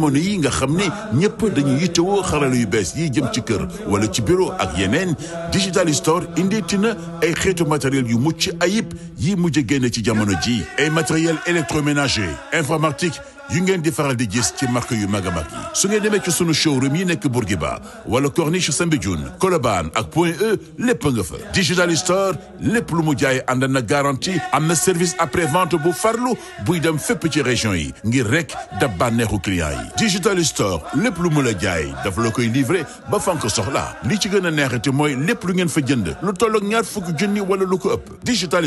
jamono yi nga xam ne ñëpp dañuy yittewoo xarala yu bees yi jëm ci kër wala ci bureau ak yeneen digital store indeeti na ay xeetu matériel yu mucc ayib yi mujj génne ci jamono ji ay matériel électroménager informatique yu ngeen di faral di gis ci marque yu mag a mag yi su ngeen demee ci sunu showroom yi nekk Bourguiba wala Corniche Soumbédioune Colobane ak Point E lépp nga fa digital store lépp lu mu jaay ànd na garantie am na service après vente bu farlu buy dem fépp ci région yi ngir rek dab bànneexu client yi digital store lépp lu mu la jaay dafa la koy ba fan ko soxla li ci gën a neexati mooy lépp lu ngeen fa jënd lu tolloog ñaar fukki junni wala lu ko ëpp digital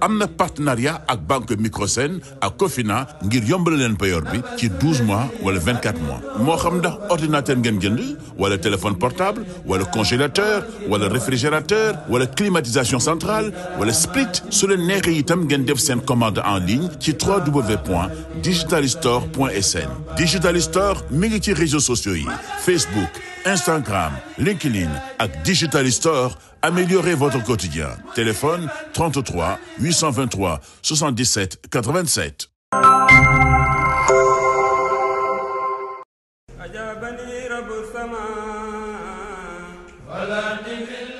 am na partenariat ak banque Microsen ak Cofina ngir yombal leen payoor bi ci 12 mois wala 24 mois moo xam ndax ordinateur ngeen jënd wala téléphone portable wala congélateur wala réfrigérateur wala climatisation centrale wala split su leen neexee itam ngeen def seen commande en ligne ci www.digitalistore.sn Digitalistore mi ngi ci réseaux sociaux yi Facebook Instagram LinkedIn ak Digital Store améliorez votre quotidien téléphone 33 823 77 87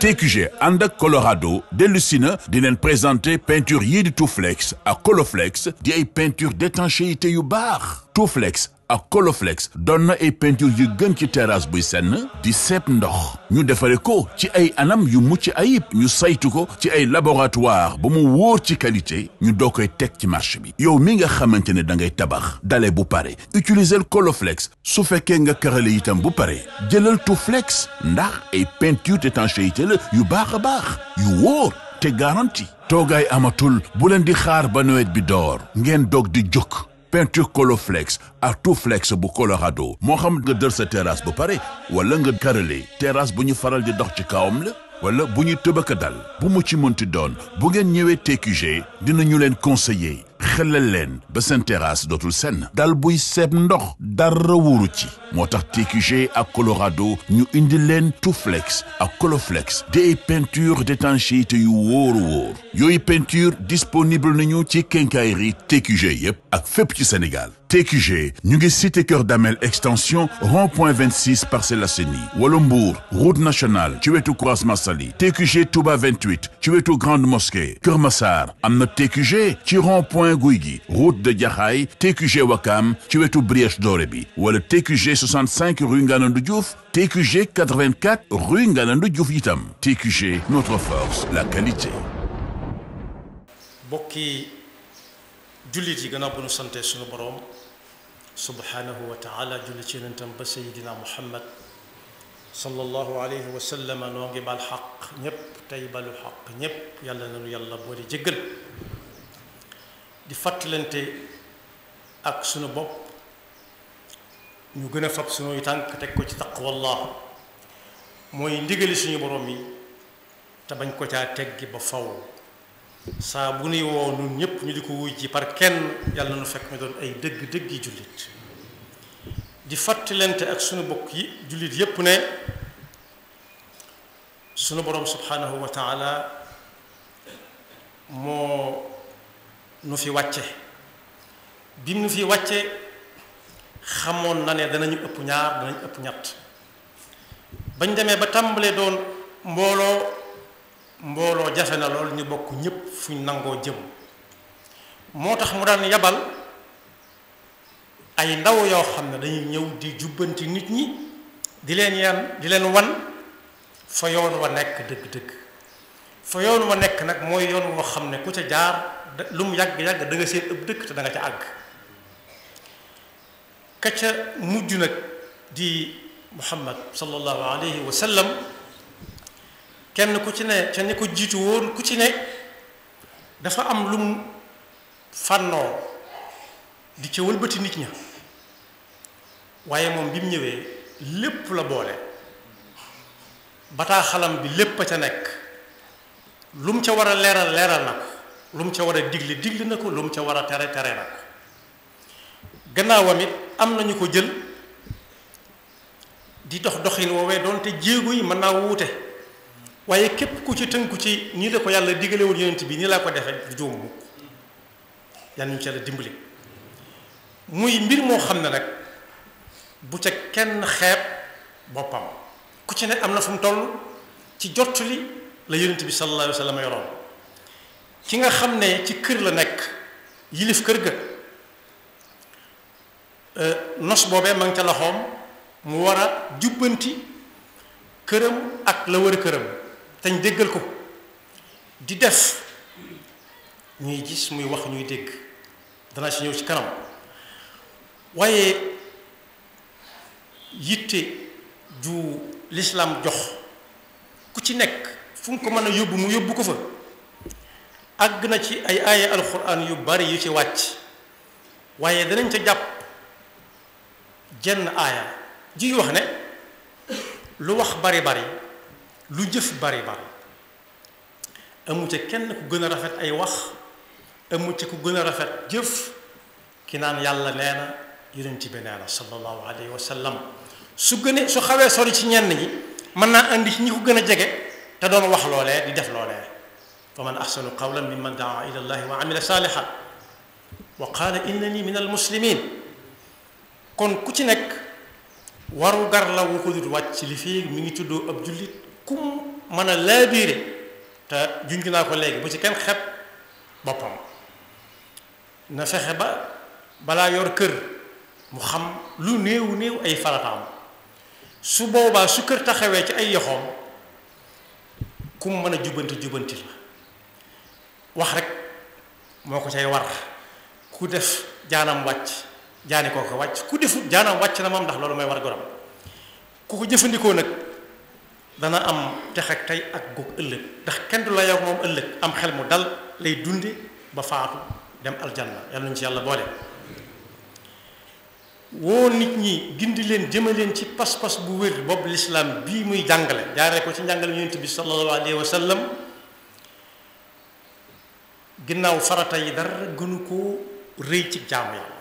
TQG ànd ak Colorado dellusi na di leen présenter peinture yii di Touflex ak Coloflex di ay peinture d'étanchéité yu baax Touflex ak Coloflex doon na ay peinture yu gën ci terrasse buy senn di seet ndox ñu defare ko ci ay anam yu mucc ayib ñu saytu ko ci ay laboratoire ba mu wóor ci qualité ñu doo koy teg ci marché bi yow mi nga xamante ne da ngay tabax dale bu pare utiliser Coloflex su fekkee nga karale itam bu pare jëlal Touflex ndax ay peinture d'étanchéité la yu baax a baax yu wóor te garanti toogaay amatul bu leen di xaar ba nawet bi door ngeen doog di jóg peinture Coloflex Artoflex bu Colorado moo xam nga dër sa terrasse bu pare wala nga carrelé terrasse bu ñu faral di dox ci kawam la wala bu ñu tëbaka dal bu mu ci mënti doon bu ngeen ñëwee TQG dina ñu leen conseiller xelal leen ba seen terrasse dootul senn dal buy seeb ndox dara wóoru ci moo tax TQG ak Colorado ñu indi leen Touflex ak Coloflex de peintures d'étanchéité yu wóor wóor yooyu peinture disponible na nañu ci quincaillerie TQG yépp ak fépp ci Sénégal TQG ñu ngi cité Kër Damel extension rond point 26 Parcelles Assainies wala Mbour route nationale ci wetu croisement Saly TQG Touba 28 ci wetu grande mosquée Kër Massar am na TQG ci rond point Guy gi route de Jaxaay TQG Wakam ci wetu Brioche Dorée bi wala TQG 65 rue Nganandou Diouf TQG 84 rue Nganandou Diouf itam TQG notre force la qualité. mbokki jullit yi gannaaw bu ñu sante suñu subhanahu wa taala julli ba sayidina muhammad sallallahu alayhi wa sallam noo ngi ba xaq ñépp tey balu xaq ñépp yàlla nanu yàlla boole jéggal di fàttalante ak sunu bopp ñu gën a fab sunuy tànk teg ko ci taqwallah mooy ndigali suñu borom yi te bañ ko caa teggi ba faw saa bu nuy woo nun ñëpp ñu di ko wuy ji par kenn yàlla na nu fekk ñu doon ay dëgg dëgg yi jullit di fàttalante ak sunu bokk yi jullit yépp ne sunu borom subhanahu wa moo nu fi wàcce bi nu fi wàcce xamoon na ne danañu ëpp ñaar danañu ëpp ñett bañ demee ba tàmbalee doon mbooloo mbooloo jafe na loolu ñu bokk ñépp fuñ nangoo jëm moo tax mu daan yabal ay ndaw yoo xam ne dañuy ñëw di jubbanti nit ñi di leen yan di leen wan fa yoon wa nekk dëgg-dëgg fa yoon wa nekk nag mooy yoon woo xam ne ku ca jaar lu mu yàgg-yàgg danga nga seen ëpp dëkk te da ca àgg ka ca mujj nag di muhammad sallallahu alayhi wa sallam kenn ku ci ne ca ñi ko jiitu woon ku ci ne dafa am lum fànnoo di ca wëlbati nit ña waaye moom bi mu ñëwee lépp la boole bataaxalam bi lépp a ca nekk lu mu ca war a leeral leeral na ko lu mu ca war a diglu digle na ko lu mu ca war a tere tere na ko gannaawam it am nañu ko jël di dox doxin woowee doonte jéego yi mën naa wuute waaye képp ku ci tënku ci nii la ko yàlla digale woon yonent bi nii laa ko defee du juum mukk yàlla ñu dimbali muy mbir moo xam ne nag bu ca kenn xeeb boppam ku ci ne am na fu mu toll ci jottali la yonent bi sallallahu alayhi wa sallam ki nga xam ne ci kër la nekk yilif kër ga euh, nos boobee ma ngi ca loxoom mu war a jubbanti këram ak la wër këram tañ déggal ko di def ñuy gis muy wax ñuy dégg danaa si ñëw ci kanam waaye yitte ju lislaam jox ku ci nekk fu mu ko mën a yóbbu mu yóbbu ko fa àgg na ci ay aaya alxuraan yu bari yu ci wàcc waaye danañ ca jàpp jenn aaya ji wax ne lu wax bari bari lu jëf bari ba amu kenn ku gën a rafet ay wax amu ca ku gën a rafet jëf ki naan yàlla nee na yonent bi nee na sallallahu alayhi wa sallam su gënee su xawee sori ci ñenn yi mën naa indi ci ñi ko gën a jege te doon wax loolee di def loolee fa man axsanu qawlan mimman daa ila allahi wa amila saalihan wa qaala innani min al kon ku ci nekk waru gar la wu ko dut wàcc li fii mi ngi tuddoo ab jullit ku mën a laabiire te junj naa ko léegi bu ci kenn xet boppam na fexe ba balaa yor kër mu xam lu néew néew ay farataam su boobaa su kër taxawee ci ay yoxoom ku mu mën a jubanti jubbanti la wax rek moo ko cay war ku def jaanam wàcc jaani koo ko wàcc ku defut jaanam wàcc na moom ndax loolu mooy war goram ku ko jëfandikoo nag dana am tex ak tey ak goog ëllëg ndax kenn du la yow moom ëllëg am xel mu dal lay dunde ba faatu dem aljanna yàlla nañ ci yàlla boole woo nit ñi gindi leen jëma leen ci pas-pas bu wér bopp lislaam bii muy jàngale jaaree ko ci njàngale yonent bi sallallahu alayhi wa sallam ginnaaw farata yi dara gënu koo rëy ci jaamu yàlla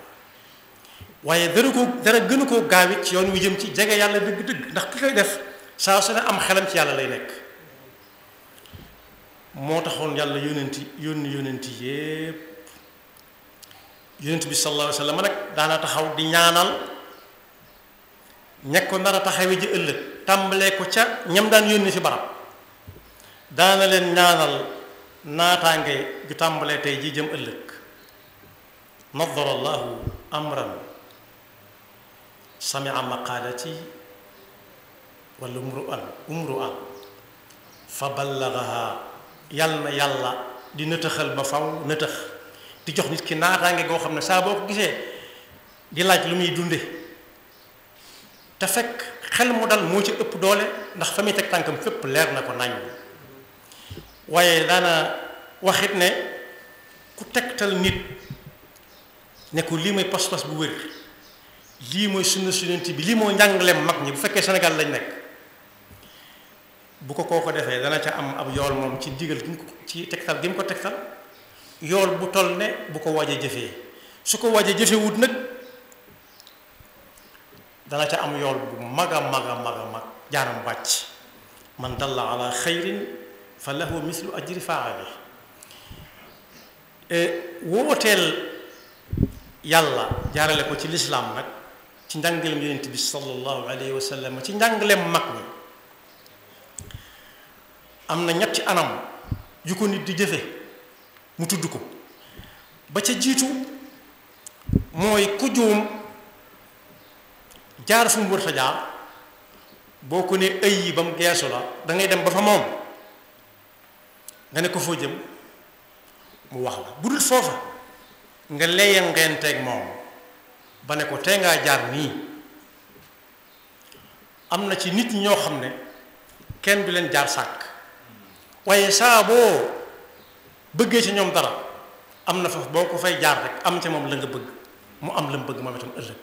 waaye dara ko dara gënu koo gaawit ci yoon wu jëm ci jege yàlla dëgg-dëgg ndax ki koy def saa su ne am xelam ci yàlla lay nekk moo taxoon yàlla yónenti yónni yónenti yépp yónent bi sallallahu alayhi wa sallam nag daana taxaw di ñaanal ñeg ko nar a taxawe ji ëllëg tàmbalee ko ca ñam daan yónni fi barab daana leen ñaanal naataange ju tàmbalee tey ji jëm ëllëg nadara allahu amran samia maqaalati wala umru an umru an fa ballagaha yal na yàlla di nëtëxal ba faw nëtëx di jox nit ki naataange goo xam ne saa boo ko gisee di laaj lu muy dunde te fekk xel mu dal moo ci ëpp doole ndax fa muy teg tànkam fépp leer na ko nañ waaye daana waxit ne ku tegtal nit ne lii mooy pas-pas bu wér lii mooy sunna sunanti bi lii mooy njàngaleem mag ñi bu fekkee Sénégal lañ nekk bu ko koo ko defee dana ca am ab yool moom ci digal gi ko ci tegtal gi mu ko tegtal yool bu toll ne bu ko wajee jëfee su ko wajee jëfe wut nag dana ca am yool bu mag a mag a mag a mag jaaram bàcc man dalla ala xayrin fa lahu mislu ajri faali e wooteel yàlla jaarale ko ci lislaam nag ci njàngaleem yonent bi sallallahu alayhi wa sallam ci njàngaleem mag ñi am na ñetti anam yu ko nit di jëfe mu tudd ko ba ca jiitu mooy ku juum jaar fu mu wër fa jaar boo ko ne ay yi ba mu geesu la dangay dem ba fa moom nga ne ko foo jëm mu wax la bu dul foofa nga leya ngeen teeg moom ba ne ko tee ngaa jaar nii am na ci nit ñoo xam ne kenn du leen jaar sàkk waaye saa boo bëggee ci ñoom dara am na foofu boo ko fay jaar rek am ca moom la nga bëgg mu am la mu bëgg moom itam ëllëg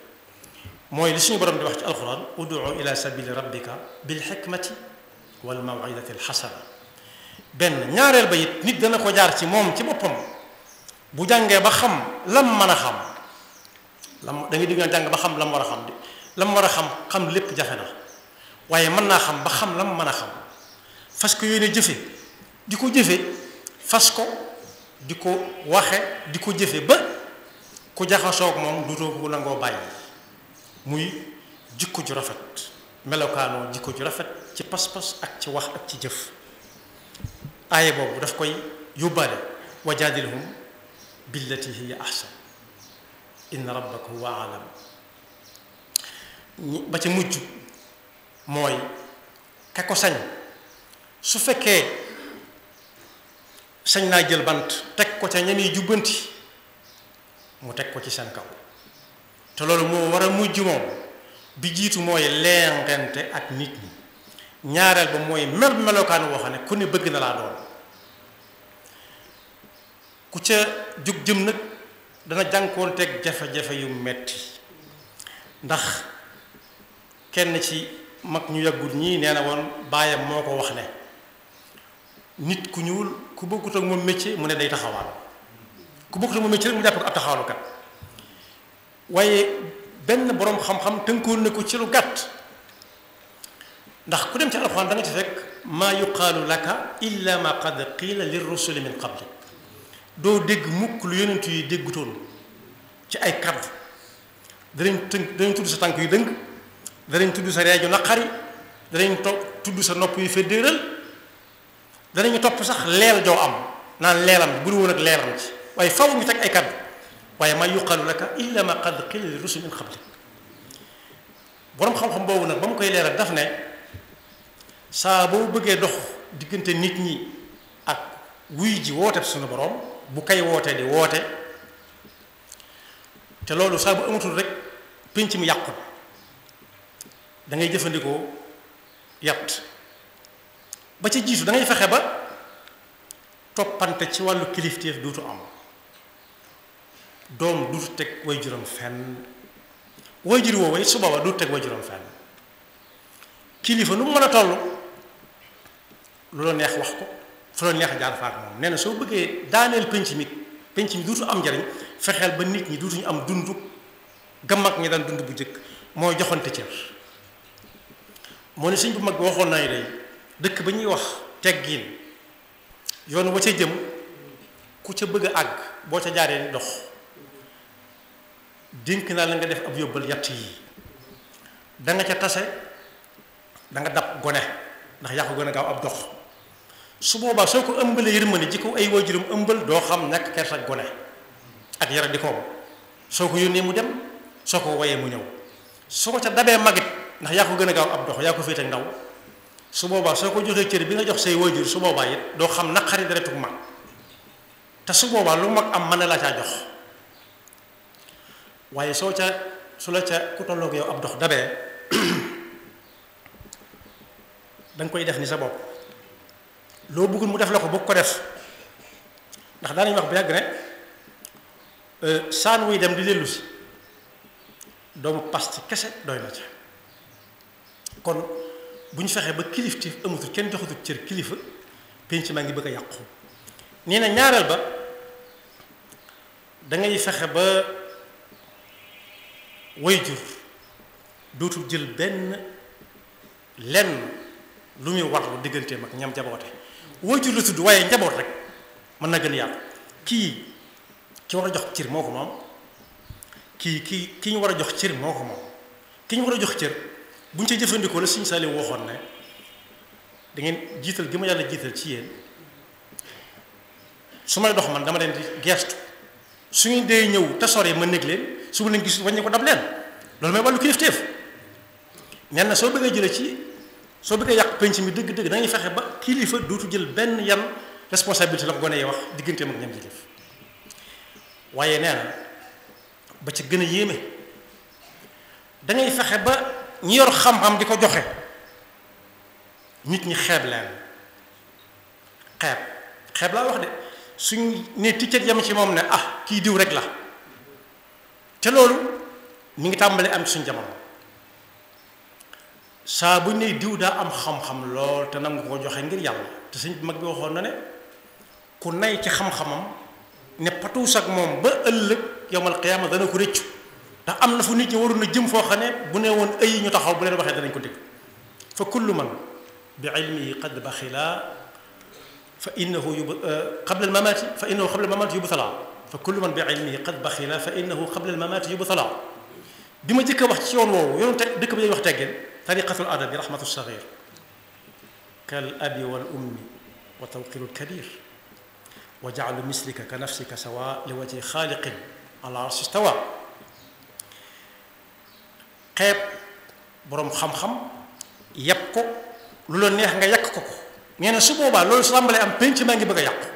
mooy li suñu borom di wax ci alquran ud'u ila sabili rabbika bil hikmati wal maw'izati al hasana benn ñaareel ba it nit dana ko jaar ci moom ci boppam bu jàngee ba xam lam mën a xam lam da nga jàng ba xam lam war a xam di war a xam xam lépp jafe na waaye mën naa xam ba xam lam mën a xam fas ko yéene jëfe di ko jëfe fas ko di ko waxe di ko jëfe ba ku jaxasoog moom duutoo ko nangoo bàyyi muy jikko ju rafet melokaanoo jikko ju rafet ci pas-pas ak ci wax ak ci jëf aaye boobu daf koy yóbbaale wajaadilhum billati hiya ahsan inna rabbaka huwa alam ba ca mujj mooy ka ko sañ su fekkee sañ naa jël bant teg ko ca ñami jubbanti mu teg ko ci seen kaw te loolu moo war a mujj moom bi jiitu mooy leengante ak nit ñi ñaareel ba mooy mel melokaan woo xam ne ku ne bëgg na laa doon ku ca jug jëm nag dana jànkoonteeg jafe-jafe yu metti ndax kenn ci mag ñu yàggul ñii nee na woon baayam moo ko wax ne nit ku ñuul ku bokkut ak moom métier mu ne day taxawaal ku bokkut ak moom métier rek mu jàpp ko ab taxawaalukat waaye benn boroom xam-xam tënkoon na ko ci lu gàtt ndax ku dem ci alxuraan da ci fekk maa yuqaalu laka illa ma qad qiila lir rusuli min qabli doo dégg mukk lu yonent yi déggutoon ci ay kàddu danañ tënk danañ tudd sa tànk yu dëng danañ tudd sa reeju naqari danañ to tudd sa nopp yu féddéeral danañu topp sax leer joo am naan leelam bu woon ak leelam ci waaye faw ñu teg ay kaddu waaye ma yuqalu laka illa ma qad qila li rusul min qablik boroom xam-xam boobu nag ba mu koy leeral dafa ne saa boo bëggee dox diggante nit ñi ak wuy ji woote suñu boroom bu kay wootee di woote te loolu saa bu amatul rek pinc mi yàqu dangay jëfandikoo yàtt ba ca jiitu dangay fexe ba toppante ci wàllu kilifteef duutu am doom duutu teg way juróom fenn way jur woowu it su booba duutu teg way juróom fenn kilifa nu mu mën a toll lu la neex wax ko fu la neex jaar faak moom nee na soo bëggee daaneel penc mi penc mi duutu am njariñ fexeel ba nit ñi duutuñu am dund gamag ñi daan dund bu jëkk moo joxante cër moo ne sëñ bu mag waxoon nañu day dëkk ba ñuy wax teggin yoon wa ca jëm ku ca bëgg a àgg boo ca jaaree ni dox dénk naa la nga def ab yóbbal yatt yi danga ca tase da nga dab gone ndax yaa ko gën a gaaw ab dox su boobaa soo ko ëmbalee yërmande ji ko ay waajuram ëmbal doo xam nekk kersa gone ak yara di koom soo ko yónnee mu dem soo ko woyee mu ñëw soo ko ca dabee magit ndax yaa ko gën a gaaw ab dox yaa ko féete ndaw su boobaa soo ko joxee cër bi nga jox say waajur su boobaa it doo xam naqari deretu mag te su boobaa lu mag am mën na laa caa jox waaye soo ca su la ca ku tolloog yow ab dox dabee danga koy def ni sa bopp loo bëggul mu def la ko bëgg ko def ndax daanañu wax bu yàgg ne euh, saan wuy dem di dellu si doomu pasti kese doy na ca kon bu ñu fexee ba kilifteef amatul kenn joxatul cër kilifa penc maa ngi bëgg a yàqu nee na ñaareel ba dangay fexe ba wayjur dootu jël benn lenn lu muy warlu digganteem ak ñam jaboote wayjur la tudd waaye njaboot rek mën na gën yàqu kii ki war a jox cër moo ko moom kii kii ki ñu war a jox cër moo ko moom ki ñu war a jox cër bu ñu ci jëfandikoo la Sëriñ Saliou waxoon ne ngeen jiital gi ma yàlla jiital ci yéen su may dox man dama leen di gestu su ñu dee ñëw te sore ma nekk leen su ma leen gis ko dab leen loolu mooy wàllu kilifteef nee na soo bëggee jëlee ci soo bëggee yàq penc mi dëgg-dëgg da fexe ba kilifa dootu jël benn yan responsabilité la ko gone yi wax digganteem ak waaye nee na ba ci gën a yéeme da fexe ba. ñi yor xam-xam di ko joxe nit ñi xeeb leen xeeb xeeb laa wax de suñ ne ticcat yam ci moom ne ah kii diw rek la te loolu mi ngi tàmbali am suñ jamono saa buñ ne diw daa am xam-xam lool te nangu ko joxe ngir yàlla te suñ mag bi waxoon na ne ku nay ci xam-xamam ne patuus ak moom ba ëllëg yowmal qiyaama dana ko rëccu ndax am na fu nit ñi waroon a jëm foo xam ne bu ne woon ay ñu taxaw bu leen waxee danañ ko dégg fa kullu man bi ilmihi qad baxila fa innahu yub euh, qabla al mamati fa innahu qabla al mamati yubtala fa kullu man bi ilmihi qad baxila fa innahu qabla al mamati yubtala bi ma jëkk a wax ci yoon woowu yoonu te dëkk bi dañuy wax teggin tariqatu al adabi rahmatu sagir kal abi wal ummi wa tawqiru al kabir wa jaalu mislika ka nafsika sawa li waji xaaliqin ala arshi stawa xeeb boroom xam-xam yàpp ko lu la neex nga yàq ko ko nee na su boobaa loolu su tàmbalee am penc maa ngi bëgg a yàqu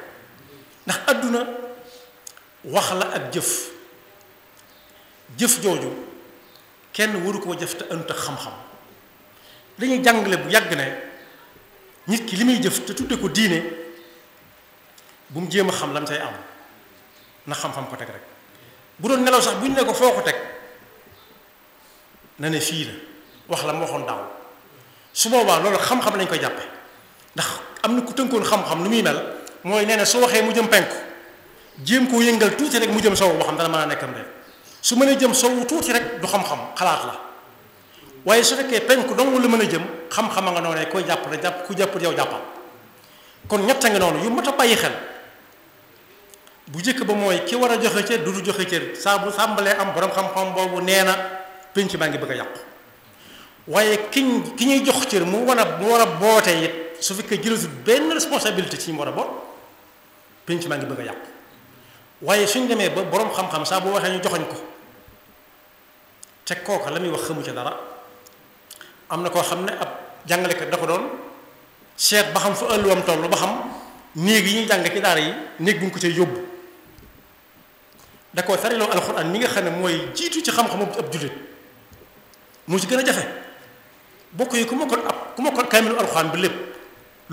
ndax àdduna wax la ak jëf jëf jooju kenn waru koo jëf te ënut ak xam-xam dañuy jàngale bu yàgg ne nit ki li muy jëf te tudde ko diine bu mu jéem a xam lam say am na xam-xam ko teg rek bu doon nelaw sax bu ñu ne ko foo ko teg na ne fii la wax la ma waxoon daaw su boobaa loolu xam-xam lañ koy jàpp ndax am na ku tënkoon xam-xam lu muy mel mooy nee na su waxee mu jëm penk jéem koo yëngal tuuti rek mu jëm sowu boo xam dana mën a nekkam de su mënee jëm sowu tuuti rek du xam-xam xalaat la waaye su fekkee penku dong la mën a jëm xam-xam a nga noonee koy jàpp la jàpp ku jàpp yow jàppal kon ñett a ngi noonu yu mat a bàyyi xel bu njëkk ba mooy ki war a joxe cër du du joxe cër saa bu sàmbalee am borom xam boobu nee na pénc maa ngi bëgg a yàqu waaye kiñ ki ñuy jox cër mu war a mu war a boote it su fekkee jëlatul benn responsabilité ci ñu war a boot penc maa ngi bëgg a yàqu waaye suñ demee ba boroom xam-xam saa bu waxee ñu joxoñ ko te kooka la muy wax xamu ci dara am na koo xam ne ab jàngalekat da doon seet ba xam fa ëlluwam toll ba xam néeg yi ñuy jàng ci daara yi néeg bu ñu ko cay yóbbu da koo tariloo alxuraan mi nga xam ne mooy jiitu ci xam-xamu ab jullit moo ci gën a jafe bokk yi ku mokkal ab ku mokkal kaamilu alxuraan bi lépp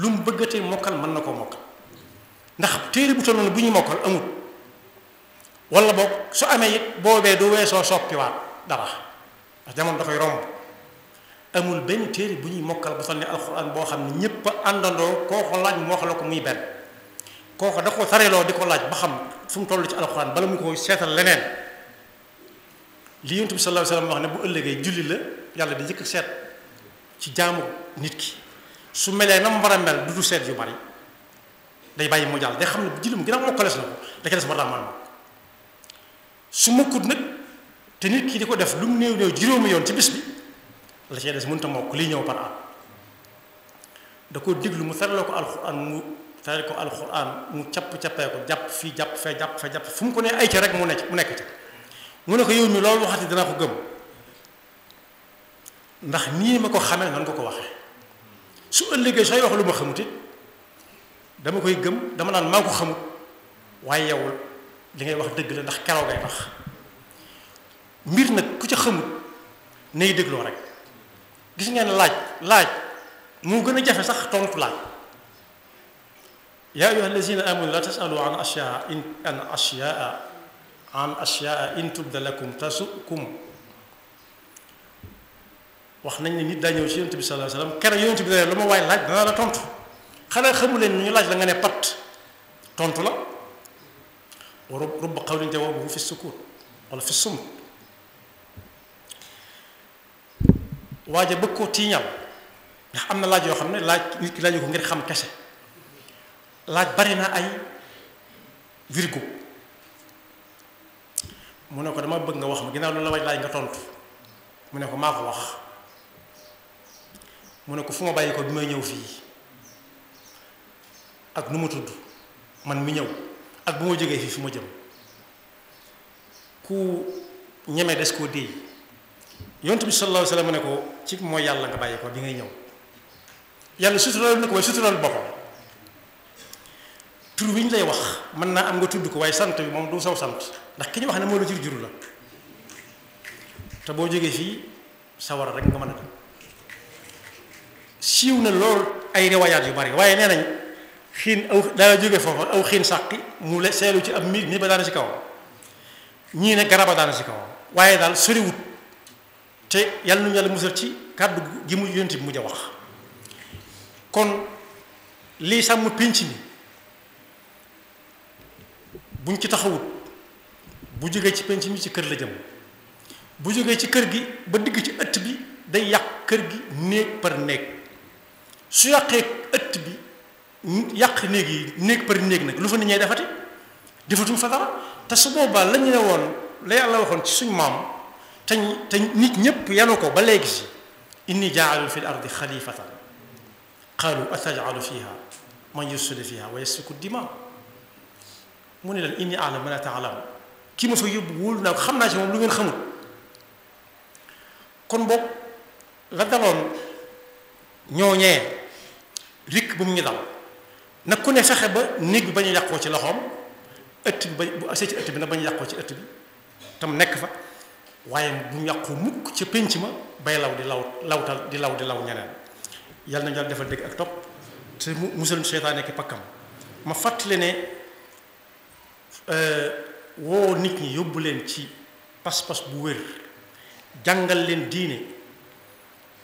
lu mu bëggatee mokkal mën na koo mokkal ndax téere bu toll bu ñuy mokkal amul wala boog su amee it boobee du weesoo soppiwaat dara ndax jamono da koy romb amul benn téere bu ñuy mokkal ba toll ne alxuraan boo xam ne ñëpp àndandoo koo ko laaj mu wax la ko muy benn koo ko da ko di ko laaj ba xam fu mu toll ci alxuraan bala mu ko seetal leneen. li yonent bi sallallahu alayhi wax ne bu ëllëgee julli la yàlla di njëkk seet ci jaamu nit ki su melee na mu war mel du du seet yu bari day bàyyi mu jàll day xam ne bu julli mu gën a mokkalees na ko da ca te nit ki di ko def lu mu néew yoon ci bis bi la cay des mënut ñëw par an da koo diglu mu feraloo ko alxuraan mu feral ko alxuraan mu capp cappeeku jàpp fii jàpp fee jàpp fee jàpp fu mu ko nee ay ca rek mu nekk mu nekk ca mu ne ko yow mi loolu waxati danaa ko gëm ndax nii ma ko xamee nan ko ko waxee su ëllëgee sooy wax lu ma xamut it dama koy gëm dama naan maa ko xamut waaye yowul li ngay wax dëgg la ndax keroog ngay wax mbir nag ku ci xamut nay dégloo rek gis ngeen laaj laaj moo gën a jafe sax tontu laaj yaa ayyuha allazina amanu la tasalu an ashyaa an ashyaa an ashyaa in tubda lakum tasukum wax nañ ne nit daa ñëw ci yonent bi sallallahu alayhi wasallam keroog yonent bi lu ma waay laaj danaa la tontu xanaa xamu leen ñu laaj la nga ne pat tontu la wa rubba qawlin jawaabuhu fi sukut wala fi sum waaja bëgg koo tiiñal ndax am na laaj yoo xam ne laaj nit ki laaju ko ngir xam kese laaj bari na ay virgo mu ne ko dama bëgg nga wax ma ginnaaw lu la waaj nga tontu mu ne ko maa ko wax mu ne ko fu ma bàyyi ko bi may ñëw fii ak nu mu tudd man mu ñëw ak bu ma jógee fii fu ma jëm ku ñeme des koo déy yontu bi sallallahu alayhi wasallam ne ko ci mooy yàlla nga bàyyi ko ngay ñëw yàlla suturaal na ko waaye suturaal boppam tur wi ñu lay wax mën naa am nga tudd ko waaye sant bi moom du saw sant ndax ki ñu wax ne moo la jur juru la te boo jógee fii sawara rek nga mën a dem siiw na lool ay riwaayaat yu bari waaye nee nañ xiin aw daa jóge foofa aw xiin sàqi mu le seelu ci ab miir ni ba daana ci kawam ñii ne garaba daana ci kawam waaye daal soriwut te yàlla nu yàlla musal ci kàddu gi mu yonent mu mujj wax kon lii sàmm pénc mi buñ ci taxawut bu jógee ci penc mi ci kër la jëm bu jógee ci kër gi ba digg ci ëtt bi day yàq kër gi néeg par néeg su yàqee ëtt bi yàq néeg yi néeg par néeg nag lu fa nit ñee defati defatuñ fa dara te su boobaa la ñu ne woon la yàlla waxoon ci suñu maam te te nit ñépp yanu ko ba léegi si inni jaalu fi l ardi xalifatan qaalu atajalu fiha man yufsidu fiha wa yasfiku dima mu ne leen inni alam ma la taalamu ki ma fa yóbbu wóolu nag xam naa ci moom lu ngeen xamul kon boog la daloon ñooñee rikk bu mu ñu dal nag ko ne fexe ba néeg bi ba ñu yàqoo ci loxoom ëtt bi ba bu asee ci ëtt bi nag ba ñu yàqoo ci ëtt bi tam nekk fa waaye bu mu yàqoo mukk ca pénc ma bay law di law lawtal di law di law ñeneen yàlla nañu daal defal dégg ak topp te mu musal seytaane ki pakkam ma fàttali ne euh, woo nit ñi yóbbu leen ci pas-pas bu wér jàngal leen diine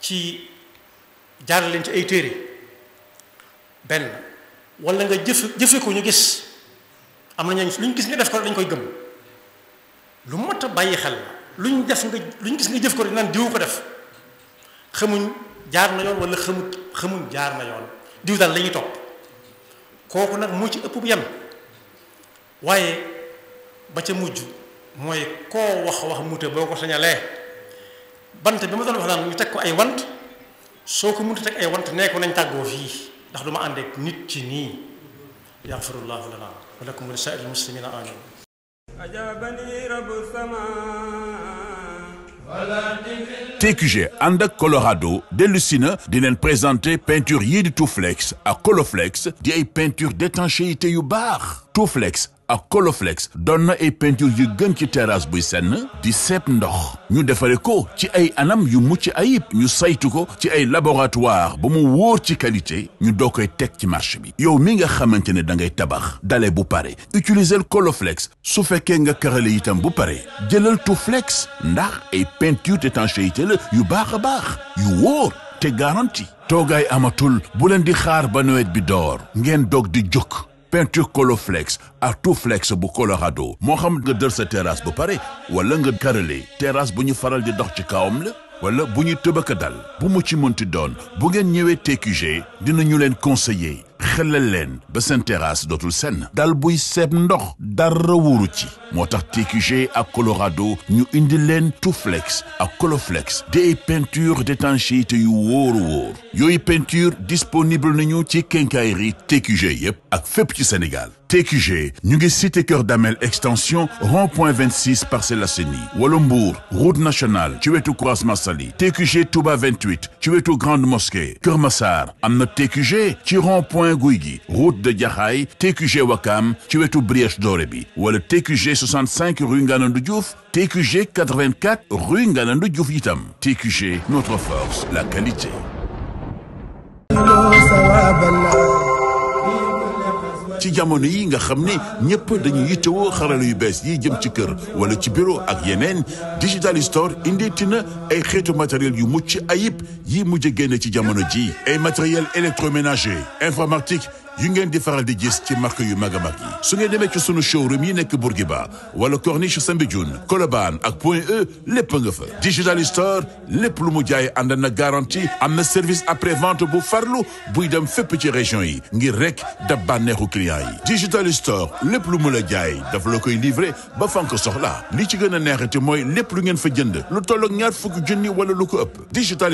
ci jaar leen ci ay téere benn wala nga jëf jëfe ko ñu gis am na ñooñu lu ñu gis nga def ko dañ koy gëm lu mot a bàyyi xel la lu ñu def nga lu ñu gis nga jëf ko rek naan ko def xamuñ jaar na yoon wala xamut xamuñ jaar na yoon diw daal la ñuy topp kooku nag moo ci ëpp bu yem waaye ba ca mujj mooy koo wax wax muute boo ko sañalee bant bi ma doon wax naan ñu teg ko ay want soo ko mënut teg ay want nee ko nañ tàggoo fii ndax du ma ànd nit ci nii ya lana wa lakum wa li saa'iril muslimina amin ajabani ànd ak Colorado dellusi na di leen présenter peinture yii di Touflex ak Coloflex di ay peinture d'étanchéité yu baax Touflex ak Coloflex doon na ay peinture yu gën ci terrasse buy senn di seet ndox ñu defare ko ci ay anam yu mucc ayib ñu saytu ko ci ay laboratoire ba mu wóor ci qualité ñu doo koy teg ci marché bi yow mi nga xamante ne da ngay tabax dale bu pare utiliser Coloflex su fekkee nga karale itam bu pare jëlal Touflex ndax ay peinture d'étanchéité la yu baax a baax yu wóor te garanti toogaay amatul bu leen di xaar ba nawet bi door ngeen dog di jóg peinture Coloflex Atoflex bu Colorado moo xam nga dër sa terrasse bu pare wala nga carrelé terrasse bu ñu faral di dox ci kawam la wala bu ñu tëbaka dal bu mu ci mënti doon bu ngeen ñëwee TQG dina ñu leen conseiller xelal leen ba seen terrasse dootul senn dal buy seeb ndox dara wóoru ci moo tax TQG ak Colorado ñu indi leen Touflex ak Coloflex des peintures d'étanchéité yu wóoru wóor yooyu peinture disponible na nañu ci quincaillerie TQG yépp ak fépp ci Sénégal TQG ñu ngi cité Kër Damel extension rond point 26 Parcelles Assainies wala Mbour route nationale ci wetu croisement Saly TQG Touba 28 ci wetu grande mosquée Kër Massar am na TQG ci rond point Guy gi route de Jaxaay TQG Wakam ci wetu Brioche Dorée bi wala TQG 65 rue Nganandou Diouf TQG 84 rue Nganandou Diouf itam TQG notre force la qualité ci jamono yi nga xam ne ñëpp dañuy yittewoo xarala yu bees yi jëm ci kër wala ci bureau ak yeneen digital store indeeti na ay xeetu matériel yu mucc ayib yi mujj génne ci jamono ji ay matériel électroménager informatique yu ngeen di faral di gis ci marque yu mag a mag yi su ngeen demee ci sunu showroom yi nekk Bourguiba wala Corniche Soumbédioune Colobane ak Point E lépp nga fa digital lépp lu mu jaay ànd na garantie am na service après vente bu farlu buy dem fépp ci région yi ngir rek dab bànneexu client yi digital lépp lu mu la jaay dafa la koy livré ba fan ko soxla li ci gën a ti mooy lépp lu ngeen fa jënd lu tolloog ñaar fukki junni wala lu ko ëpp digital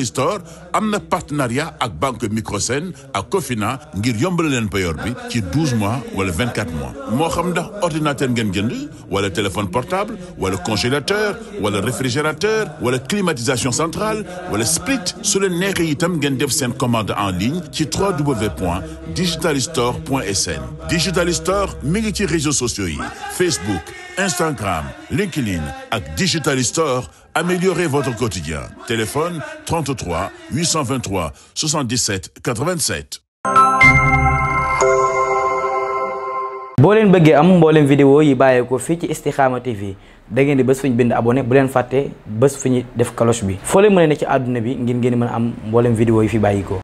am na partenariat ak banque Microsen ak Cofina ngir yombal leen employeur bi ci 12 mois wala 24 mois moo xam ndax ordinateur ngeen jënd wala téléphone portable wala congélateur wala réfrigérateur wala climatisation centrale wala split su leen neexee itam ngeen def seen commande en ligne ci www.digitalistore.sn Digitalistore mi ngi ci réseaux sociaux yi Facebook Instagram LinkedIn ak Digitalistore Améliorez votre quotidien. Téléphone 33 823 77 87. boo leen bëggee am mbooleem vidéo yi bàyyeekoo fii ci Istikhama TV da ngeen di bés ñu bind abone bu leen fàtte bés fu ñu def cloche bi foo leen mën a ne ci àdduna bi ngir ngeen mën am mbooleem vidéo yi fi bàyyikoo